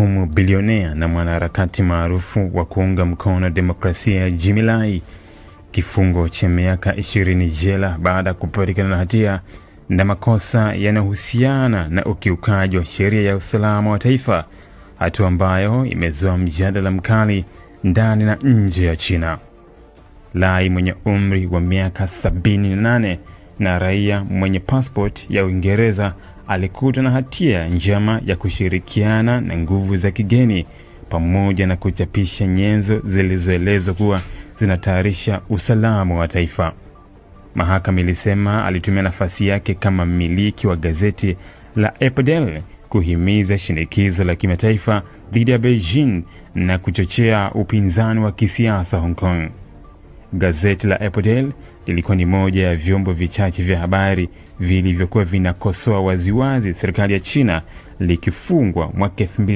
kumhukumu bilionea na mwanaharakati maarufu wa kuunga mkono demokrasia Jimmy Lai kifungo cha miaka ishirini jela baada ya kupatikana na hatia na makosa yanayohusiana na ukiukaji wa sheria ya usalama wa taifa, hatua ambayo imezua mjadala mkali ndani na nje ya China. Lai mwenye umri wa miaka 78 na raia mwenye passport ya Uingereza alikutwa na hatia njama ya kushirikiana na nguvu za kigeni pamoja na kuchapisha nyenzo zilizoelezwa kuwa zinatayarisha usalama wa taifa. Mahakama ilisema alitumia nafasi yake kama mmiliki wa gazeti la Epidel kuhimiza shinikizo la kimataifa dhidi ya Beijing na kuchochea upinzani wa kisiasa Hong Kong. Gazeti la Epotel lilikuwa ni moja ya vyombo vichache vya habari vilivyokuwa vinakosoa waziwazi serikali ya China likifungwa mwaka